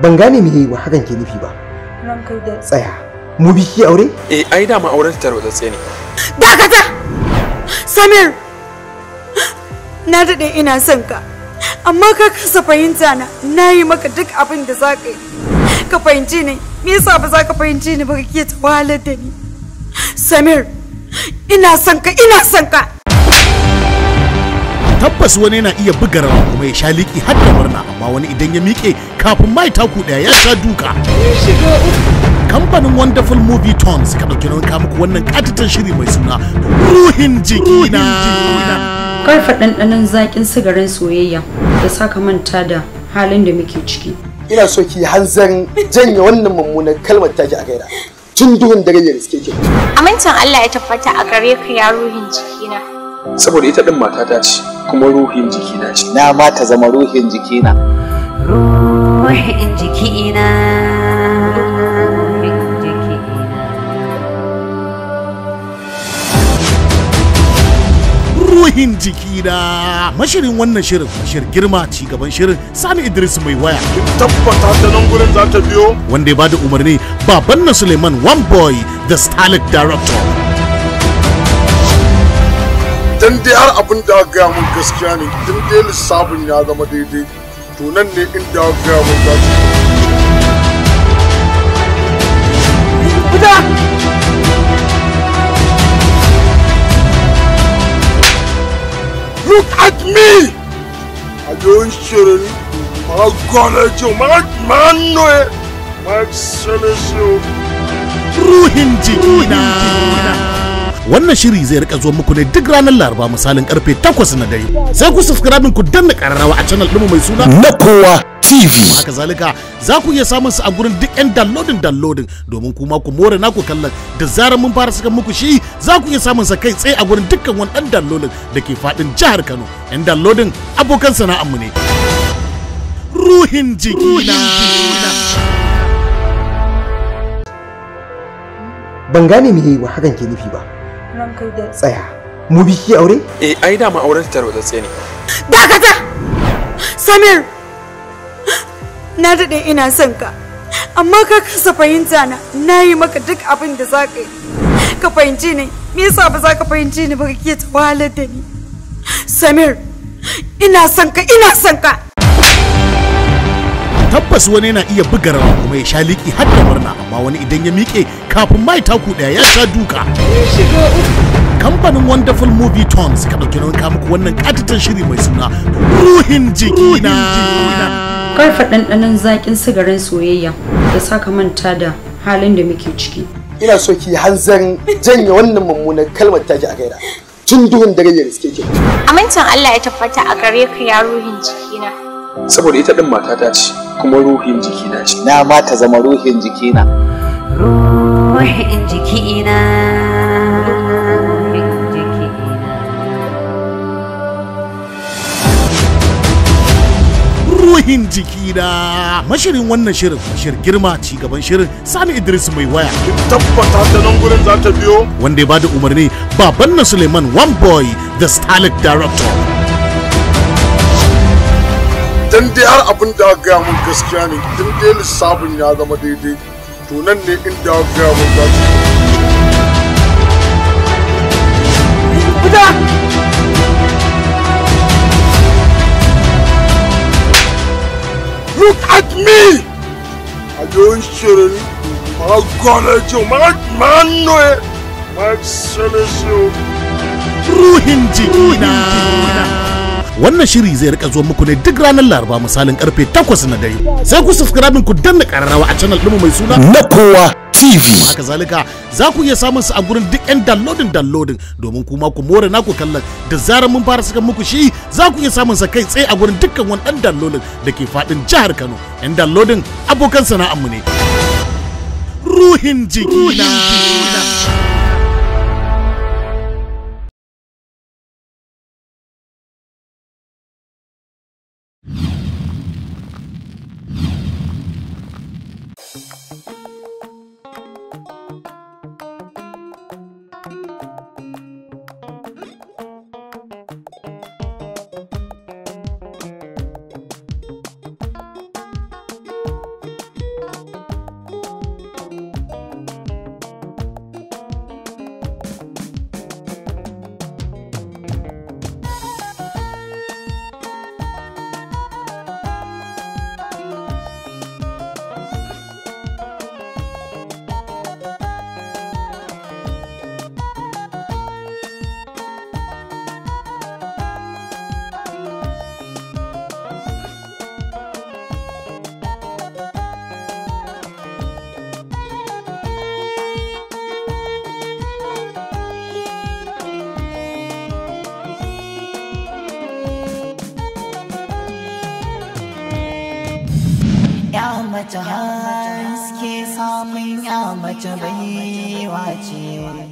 ban gane me wa hakan ke nufi ba tsaya mu bi shi aure eh ai da ma auren ta tarwatsatse ne dakata samir na daɗe ina son ka amma ka kasa fahimta na nayi yi maka duk abin da za ka yi ka fahimci ni me yasa ba za ka fahimci ni ba ka ke wahalar da ni samir ina son ka ina son ka tabbas wani yana iya buga rawa kuma ya sha liki har da murna amma wani idan ya miƙe kafin mai taku daya ya sha duka kamfanin wonderful movie ton suka ɗauki nauyin kawo muku wannan katitan shiri mai suna ruhin jikina karfa ɗanɗanon zaƙin sigarin soyayya da saka manta da halin da muke ciki ina so ki hanzarin janye wannan mummunar kalmar taki a gaida tun duhun dare ya riske ki amincin Allah ya tabbata a gare ka ya ruhin jikina saboda ita ɗin matata ce kuma ruhin jikina ce na ma ta zama ruhin jikina ruhin jikina ruhin jikina mashirin wannan shirin mashir girma ci gaban shirin sani idris mai waya tabbata ta nan gurin za ta biyo wanda ya bada umarni baban na suleiman one boy the starlet director idan dai har abin da aka gaya mun gaskiya ne idan dai lissafin ya zama daidai to nan ne inda aka gaya mun za su fita look at me a yawan shirin ma gane ce ma hannoye ma sene ruhin jikina wannan shiri zai rika zuwa muku ne duk ranar laraba misalin karfe 8 na dare sai ku subscribe ku danna kararrawa a channel ɗinmu mai suna na kowa tv haka zalika za ku iya samun su a gurin duk yan downloading downloading domin kuma ku more naku kallon da zarar mun fara saka muku shi za ku iya samun sa kai tsaye a gurin dukkan wani dan downloading da ke fadin jihar kano yan downloading abokan sana'armu ne ruhin jikina ban gane me hakan ke nufi ba ranka da tsaya mu bi biki aure eh ai dama auren ta tarwatsatse ne dakata samir na daɗe ina son ka amma ka kasa fahimta na na yi maka duk abin da za ka yi ka fahimci ni me yasa ba za ka fahimci ni ba kake ta wahalar da ni samir ina son ka ina son ka tabbas wani na iya buga rawa kuma ya sha liki har da murna amma wani idan ya miƙe kafin mai taku daya ya sha duka kamfanin wonderful movie ton suka ɗauki nauyin kamuku wannan katitan shiri mai suna ruhin jikina karfa ɗanɗanon zaƙin sigarin soyayya da saka manta da halin da muke ciki ina so ki hanzarin janye wannan mummunar kalmar taki a gaida tun duhun dare ya riske ki amincin Allah ya tabbata a gare ka ya ruhin jikina saboda ita din matata ce kuma ruhin jikina ce na ma ta zama ruhin jikina ruhin jikina ruhin jikina mashirin wannan shirin mashir girma ci gaban shirin sani idris mai waya tabbata da nan gurin za ta biyo wanda ya bada umarni baban na suleiman one boy the stalic director dan har abin da ga mun gaskiya ne dan dai lissafin ya zama daidai to nan ne inda gaya mun za su fita look at me a don shirin ma gane ce ma manoye ma sene ruhin jikina wannan shiri zai rika zuwa muku ne duk ranar laraba misalin karfe 8 na dare sai ku subscribe ku danna kararrawa a channel ɗinmu mai suna na kowa tv haka zalika za ku iya samun su a gurin duk yan downloading downloading domin kuma ku more naku kallon da zarar mun fara saka muku shi za ku iya samun sa kai tsaye a gurin dukkan wani dan downloading da ke fadin jihar kano yan downloading abokan sana'armu ne ruhin jikina mace haske samun ya mace baiwa ce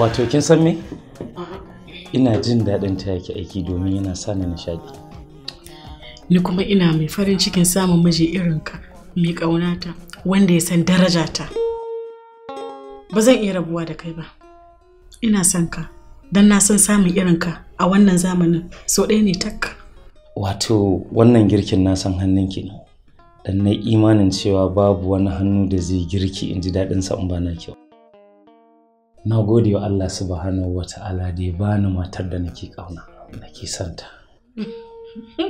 wato kin san me ina jin daɗin ta yake aiki domin yana sa ni nishaɗi ni kuma ina mai farin cikin samun miji irin ka mai ƙaunata wanda ya san darajata ba zan iya rabuwa da kai ba ina son ka don na san samun irin ka a wannan zamanin sau ɗaya ne tak wato wannan girkin na san hannunki ne dan na imanin cewa babu wani hannu da zai girki in ji daɗinsa in ba na kyau na gode wa Allah subhanahu wa ta'ala da ya bani matar da nake ƙauna nake santa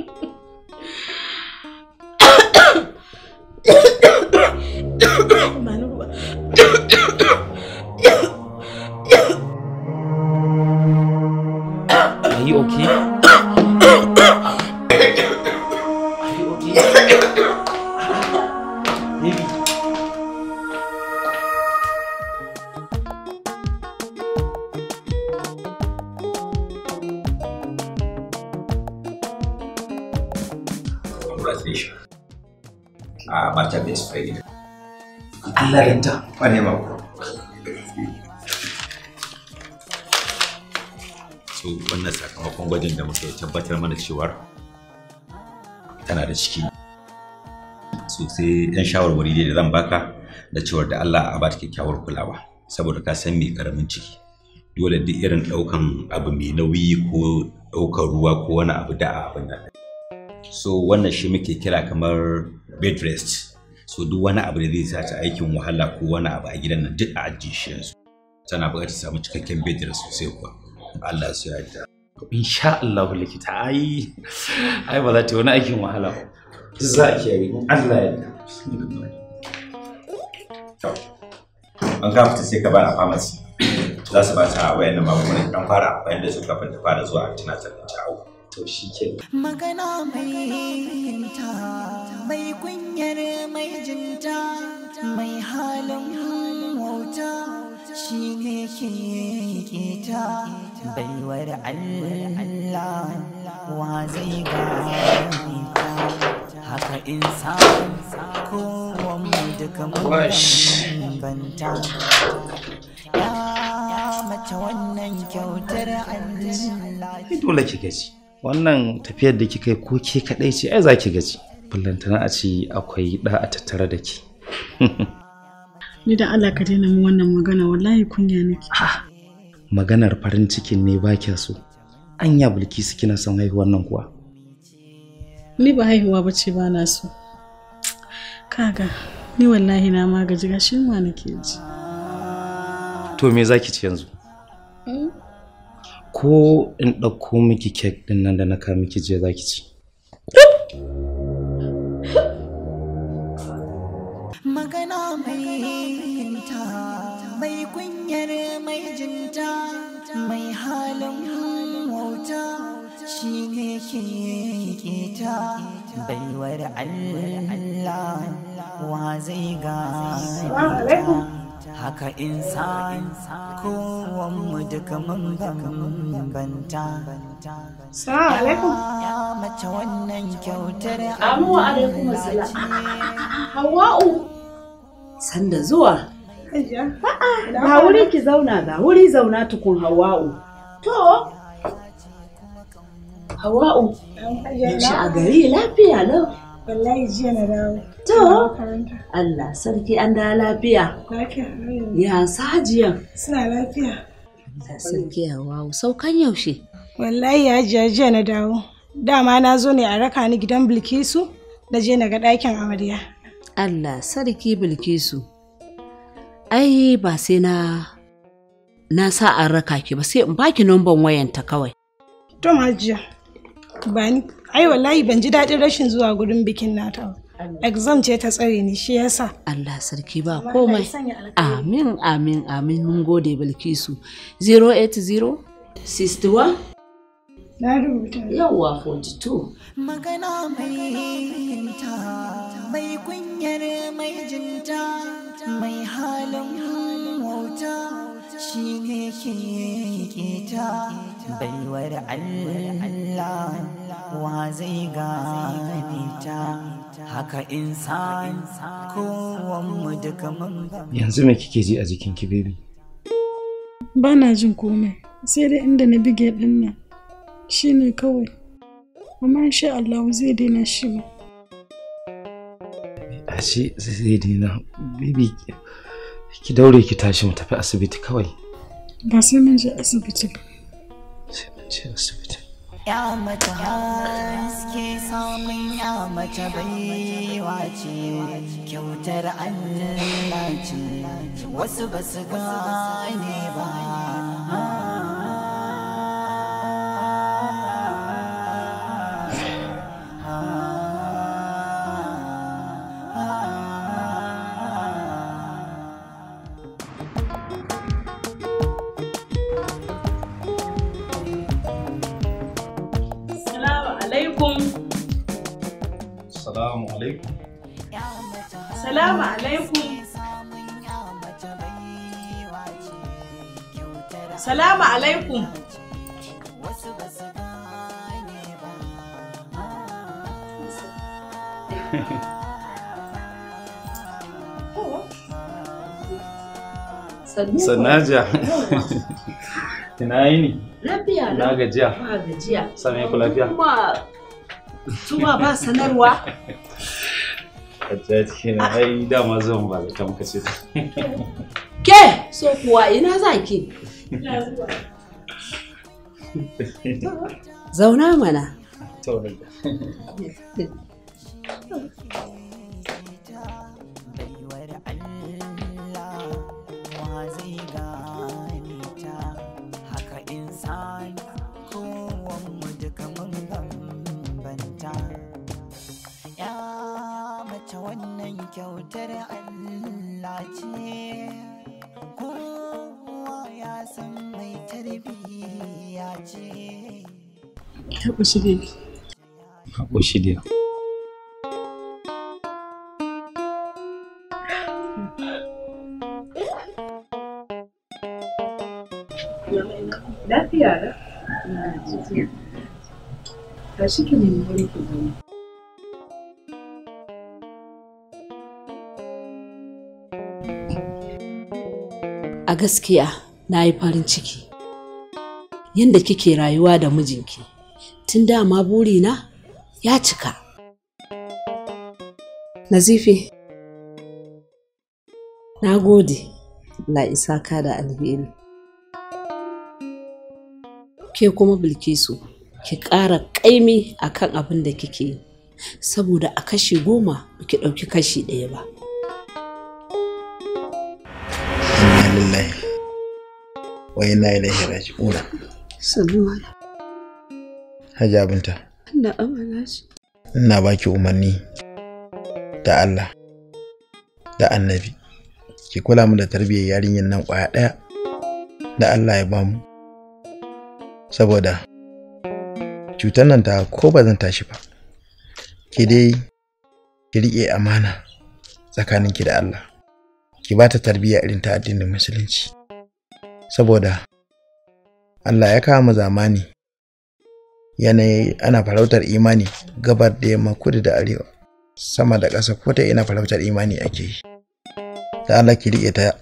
a gida Allah ranta wane ma ku so wannan sakamakon gwajin da muka tabbatar mana cewar tana da ciki sosai ɗan shawarwari dai da zan baka da cewar da Allah a bata kyakkyawar kulawa saboda ka san mai karamin ciki dole duk irin ɗaukan abu mai nauyi ko ɗaukar ruwa ko wani abu da abin nan so wannan shi muke kira kamar bed rest so duk wani abu da zai sa ta aikin wahala ko wani abu a gidan nan duk a ajiye shi tana buƙatar ta samu cikakken bedira sosai kuwa Allah su ta insha Allah likita ai ai ba za ta wani aikin wahala ba za a kiyaye Allah ya yarda an ka fita sai ka bani a pharmacy za su ba ta wayannan magungunan kan fara amfani da su fara zuwa a tunatar da ta to shi ke magana mai ta mai kunyar mai jinta mai halin wauta shi ne ke keta baiwar Allah wa zai gane haka insan kowan mu duka mun banta ya mace wannan kyautar Allah dole ki gaji wannan tafiyar da kika yi ko ke kaɗai ce ai za ki gaji ballantana a ce akwai ɗa a tattara da ki ni da Allah ka daina mu wannan magana wallahi kunya nake maganar farin cikin ne ba kya so anya bilkisu kina son haihuwar nan kuwa ni ba haihuwa ba ce ba na so kaga ni wallahi na magaji gashi ma nake ji to me zaki ci yanzu ko in ɗauko miki kek ɗin nan da na ka miki jiya za ki ci. Magana mai mai kunyar mai jinta, mai halin wauta shi ne ke ta baiwar Allah wa zai gane. haka insan kowan mu duka mun bambanta salamu alaikum mace wannan kyautar amu alaikum hawa'u sanda zuwa ga wuri ki zauna ga wuri zauna tukun hawa'u to hawa'u shi a gari lafiya lau Wallahi jiya na dawo. To. Allah sarki an da lafiya. Ya sajiya. Suna lafiya. Allah sarki ya wawo saukan yaushe. Wallahi ya jiya jiya na dawo. Dama na zo ne a raka ni gidan Bilkisu na je na ga ɗakin amarya. Allah sarki Bilkisu. Ai ba sai na na sa an raka ki ba sai in baki numban wayanta kawai. To ma Bani. ai wallahi ban ji daɗin rashin zuwa gurin bikin nata exam ce ta tsare ni shi yasa Allah sarki ba komai amin amin amin mun gode bilkisu 080 61 na rubuta yawa 42 magana mai yinta mai kunyar mai jinta mai halin wauta shi ne ke Bai baiwar Allah kowa zai gane ta haka insan mu duka mun yanzu me kike ji a jikin ki baby ba na jin komai sai dai inda na bige din nan shine kawai amma insha Allah zai daina shi ma ashe zai daina baby ki daure ki tashi mu tafi asibiti kawai ba sai mun je asibiti ba sai mun je asibiti ya mace haske samun ya mace baiwa ce kyautar Allah ce wasu ba su gane ba Assalamu alaikum. Salamu alaikum. Sannaja. Ina yi ne? Lafiya na. gajiya. Ba gajiya. Same ku lafiya. Kuma tuwa ba sanarwa. ta ce ai dama zan ba ta muka ce ke so kuwa ina za ki zauna mana kyautar Allah ce kowa ya san mai tarbiyya ce lafiya da? na ta shi ke wani a gaskiya na yi farin ciki yadda kike rayuwa da mijinki tun dama burina ya cika nazifi na gode la isaka da alheri ke kuma bilkisu ki ƙara kaimi akan abin da kike yi saboda a kashi goma ki ɗauki kashi ɗaya ba yi inna hiraji raji'un sallallahu Hajiya Binta amana shi ina baki umarni da Allah da Annabi ki kula mu da tarbiyyar yarinyar nan kwaya daya da Allah ya bamu saboda cutar nan ta ko ba zan tashi ba ki dai ki riƙe amana tsakaninki da Allah ki ba ta tarbiyya irin ta addinin musulunci saboda Allah ya kawo mu zamani yanayi ana farautar imani gabar da yamma kudu da arewa sama da ƙasa ko ta ina farautar imani ake yi da Allah ki riƙe ta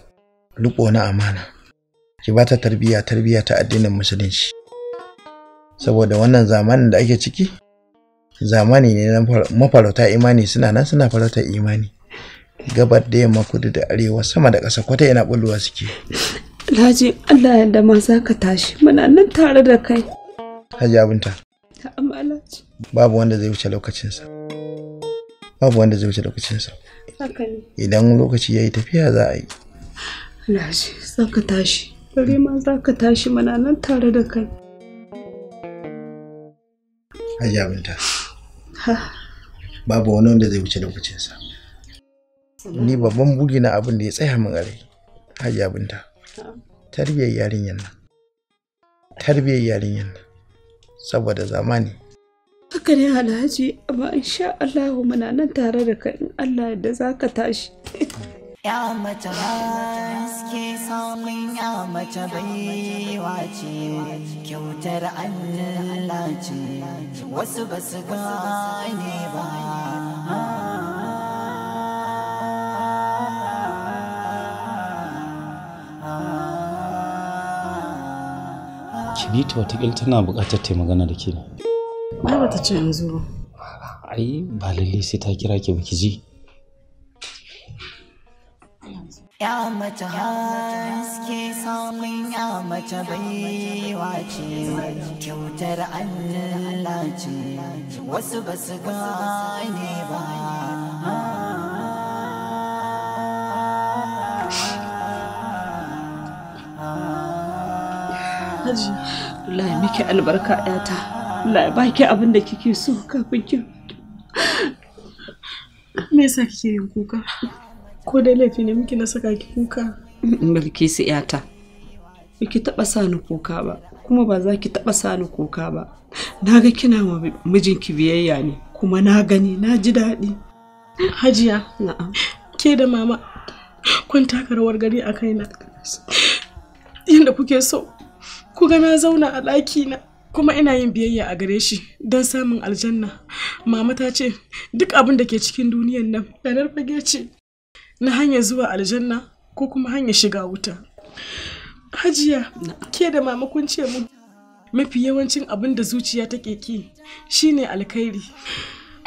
riƙo na amana ki ba ta tarbiyya tarbiyya ta addinin musulunci saboda wannan zamanin da ake ciki zamani ne na mafarauta imani suna nan suna farautar imani gabar da yamma kudu da arewa sama da ƙasa ko ta ina bulwa suke Alhaji Allah ya ma za ka tashi muna nan tare da kai. Hajiya Binta. Babu wanda zai wuce lokacinsa. Babu wanda zai wuce lokacinsa. Haka ne. Idan lokaci ya yi tafiya za a yi. Alhaji za ka tashi. Bare ma za ka tashi muna nan tare da kai. Hajiya Binta. Babu wani wanda zai wuce lokacinsa. Ni babban bugi na abin da ya tsaya min gare. rai. Hajiya Binta. tarbiyyar yarinyar nan tarbiyyar yarinyar nan saboda zamani haka ne alhaji amma insha Allah muna nan tare da kai in Allah da zaka tashi ya mace haske samun ya mace baiwa ce kyautar Allah ce wasu ba su gane ba ki watakila tana buƙatar ta magana da ke ba ba ta ce in zo ba ai ba lalle sai ta kira ki ba ji Ya mace haske samun ya mace baiwa ce kyautar Allah ce wasu ba su gane ba. Allah ya miki albarka ta Allah ya baki abin da kike so kafin ki. Me yasa kike yin kuka? Ko dai laifi ne miki na saka ki kuka? Bilkisu ƴata. Biki taɓa sa ni kuka ba, kuma ba za ki taɓa sa ni kuka ba. Na ga kina ma mijinki biyayya ne, kuma na gani na ji daɗi. Hajiya. Na'am. Ke da mama kun taka rawar gari a kaina. Yanda kuke so kuga na zauna a na kuma ina yin biyayya a gare shi don samun aljanna mama ta ce duk abin da ke cikin duniyan nan ya fage ce na hanyar zuwa aljanna ko kuma hanyar shiga wuta hajiya ke da mama kun ce mu mafi yawancin abin da zuciya take ki shine alkhairi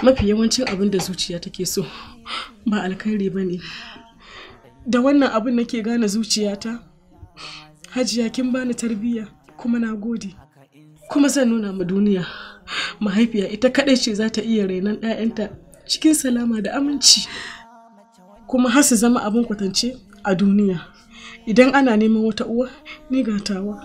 mafi yawancin abin da zuciya take so ba alkhairi ba ne da wannan abin nake gane zuciyata hajiya kin bani tarbiyya kuma na gode kuma zan nuna ma duniya mahaifiya ita kaɗai ce za ta iya renon 'ya'yanta cikin salama da aminci kuma har su zama abin kwatance a duniya idan ana neman wata uwa ni gatawa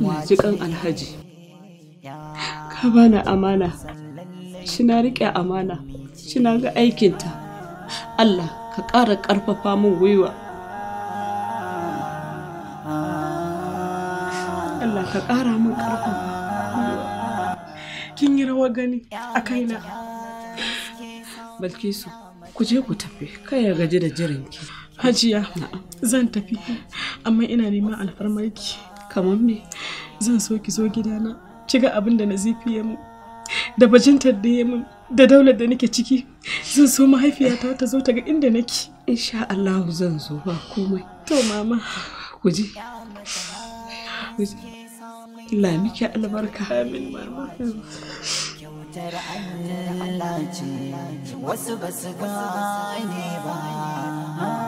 mai jikan alhaji ka bana amana shi na riƙe amana shi na ga aikinta Allah ka ƙara ƙarfafa min gwiwa Allah ka ƙara min ƙarfafa kin yi rawa gani a kaina Balkisu ku je ku tafi kai ya gaji da jiranki Hajiya zan tafi amma ina neman alfarmarki kamar me zan so ki zo gidana kiga abin da na zifiye mu da bajintar da ya min da daular da nake ciki zan so mahaifiyata ta zo ta ga inda nake insha Allah zan zo ba komai to mama ku je Allah miki albarka amin mama Allah wasu ba su gane ba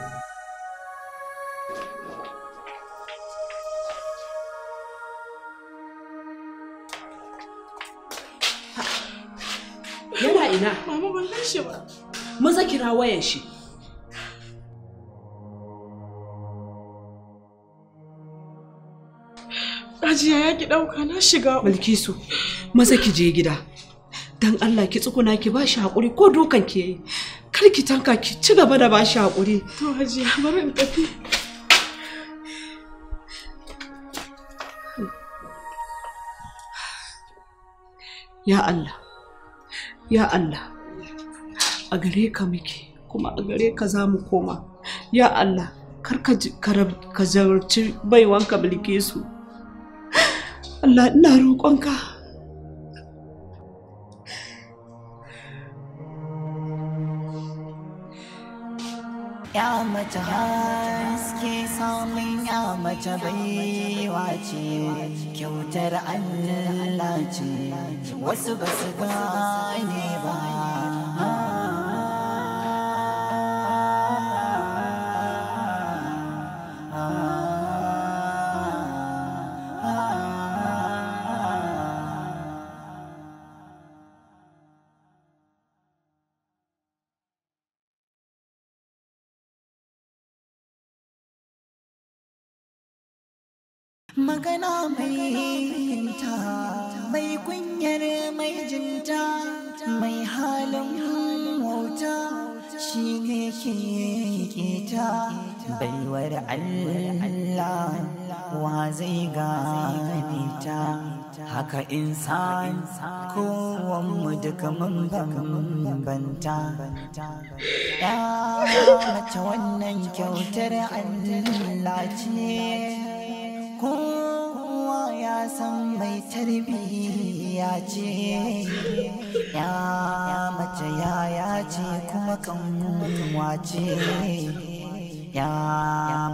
yana ina mama ban shi ba maza kira wayan shi Ajiya ya ki ɗauka na shiga. Bilkisu, maza ki je gida. Dan Allah ki tsukuna ki ba shi hakuri ko dokan ki yi. Kar ki tanka ki ci gaba da ba shi To Hajiya bari in tafi. Ya Allah, ya Allah a gare ka muke kuma a gare ka za mu koma ya Allah kar ka zarci baiwanka su Allah ina roƙonka ya mace haske samun ya mace baiwa ce kyautar Allah ce wasu ba su gane ba magana mai yinta mai kunyar mai jinta mai halin wauta shi ne ke ta baiwar Allah wa zai gane ta haka insan mu duka mun bambanta ya mace wannan kyautar Allah ce kowa ya san mai tarbiyya ce ya mace yaya ce kuma kan kuma ce ya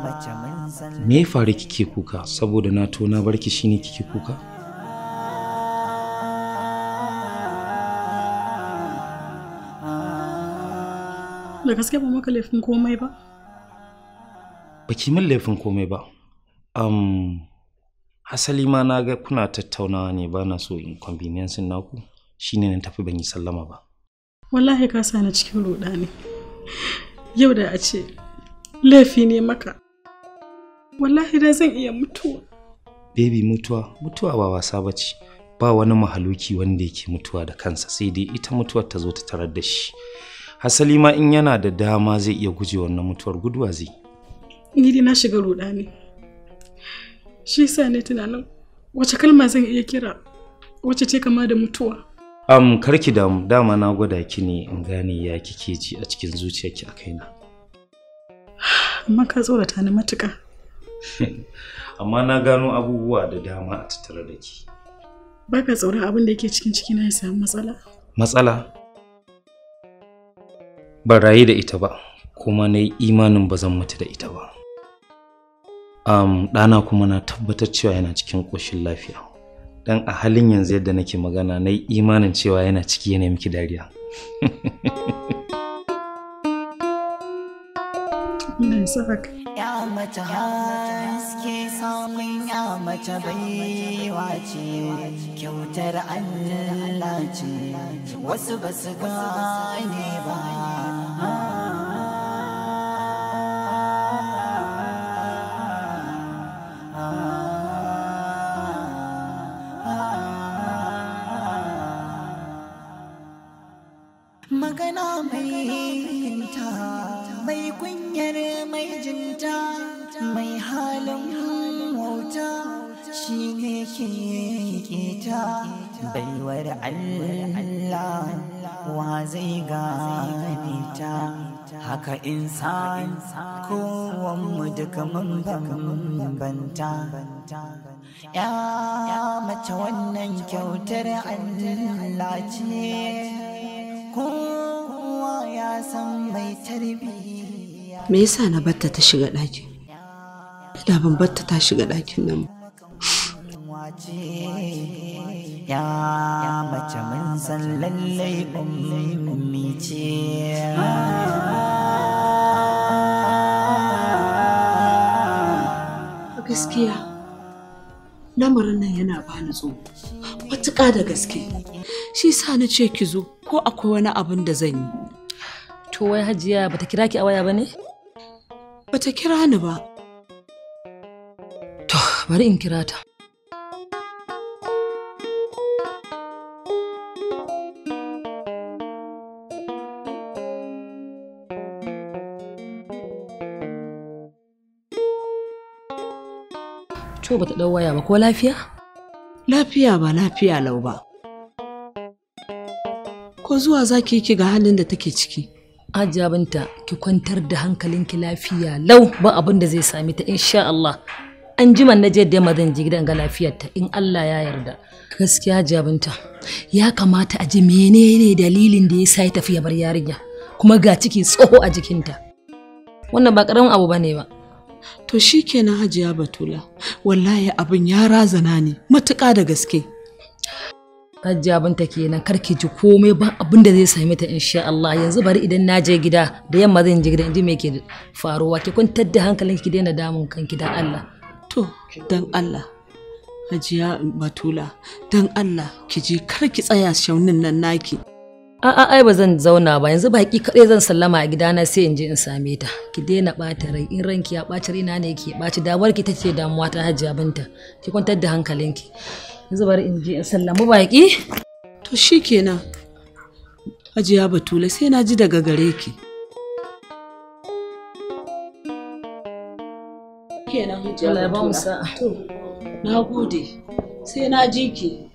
mace mun san me fare kike kuka saboda na to na barki shine kike kuka da gaske ba maka laifin komai ba baki min laifin komai ba um, hasali ma na ga kuna tattaunawa ne ba na so in ku naku shine na tafi ban yi sallama ba wallahi ka sa na cikin roda ne yau da a ce laifi ne maka wallahi da zan iya mutuwa baby mutuwa mutuwa ba wasa ba ce ba wani mahaluki wanda yake mutuwa da kansa sai dai ita mutuwar ta zo ta tarar da shi hasali ma in yana da dama zai iya guje wannan mutuwar guduwa zai ni dai na shiga ruɗani. ne shi yasa ne tunanin wace kalma zan iya kira wace ce kama da mutuwa um, karki damu dama na gwada ki ne in gane ya kike ji a cikin zuciyarki a kaina amma ka tsorata ni matuƙa amma na gano abubuwa da dama a tattare da ki ba ka tsoron abin da yake cikin na ya samu matsala matsala ban rayu da ita ba kuma na yi imanin ba zan mutu da ita ba um, ɗana kuma na tabbatar cewa yana cikin ƙoshin lafiya dan a halin yanzu yadda nake magana na yi imanin cewa yana ciki yana miki dariya Ya mace haske samun ya mace baiwa ce, kyautar Allah ce, wasu ba su gane ba. tana mai mai kunyar mai jinta mai halin wauta shi ne ke keta baiwar Allah wa zai gane ta haka insan kowanmu duka mun banta. ya mace wannan kyautar Allah ce ko ya san mai tarbiyya me yasa na batta ta shiga daki Ina ban batta ta shiga ɗakin nan ya mace mun san lallai ummi ce gaskiya lamarin nan yana ba ni tsoro matuƙa da gaske shi sa na ce ki zo ko akwai wani abin da zan yi To wai hajiya bata kira ki a waya ba ne? Bata kira ni ba. To bari in kira ta. To bata ɗau waya ba ko lafiya? Lafiya ba lafiya lau ba. Ko zuwa zaki ki ga halin da take ciki. Hajiya ki kwantar da hankalinki lafiya lau ba abin da zai sami ta insha Allah. An jima na je da zan ji gidan ga lafiyarta in Allah ya yarda. Gaskiya jabinta Binta ya kamata a ji menene dalilin da ya sa ya tafi ya bar yarinya kuma ga ciki tsoho a jikinta. Wannan ba karamin abu bane ba. To shikenan Hajiya Batula wallahi abin ya razana ne matuƙa da gaske. Hajiya binta kenan karki ji komai ba abin da zai same ta insha Allah yanzu bari idan na je gida da yamma zan je gida in ji me ke faruwa ki kwantar da hankalin ki daina damun kanki dan Allah to dan Allah Hajiya Batula dan Allah ki je kar ki tsaya shaunin nan naki A'a ai ba zan zauna ba yanzu baki kaɗai zan sallama a gidana sai in je in same ta. Ki daina ɓata rai in ranki ya ɓaci rina ne ke ɓaci damar ki tace damuwa ta hajiya binta. Ki kwantar da hankalinki. Zubar in je in sallami baki to shikenan hajiya batula sai na ji daga gare ki kenan hajiya batula na gode sai na ji ki